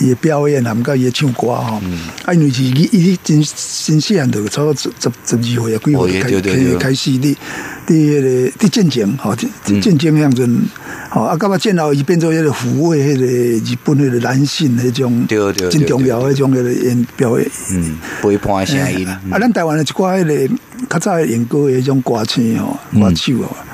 伊表演啊，毋過，伊唱歌吼。哎、嗯，因為是伊，真真細漢到，差不多十、十、十二歲啊，幾歲開開始，佇佇迄個佇進前，吼，進前迄陣吼，啊，到尾戰後伊變做迄個俘虜，迄個日本，迄個男性，迄種，對對對，真重要迄種，對對對那種那個表演，嗯，陪伴的聲音。啊，咱台灣一寡迄、那個較早的演歌，迄種歌星吼，歌手吼。嗯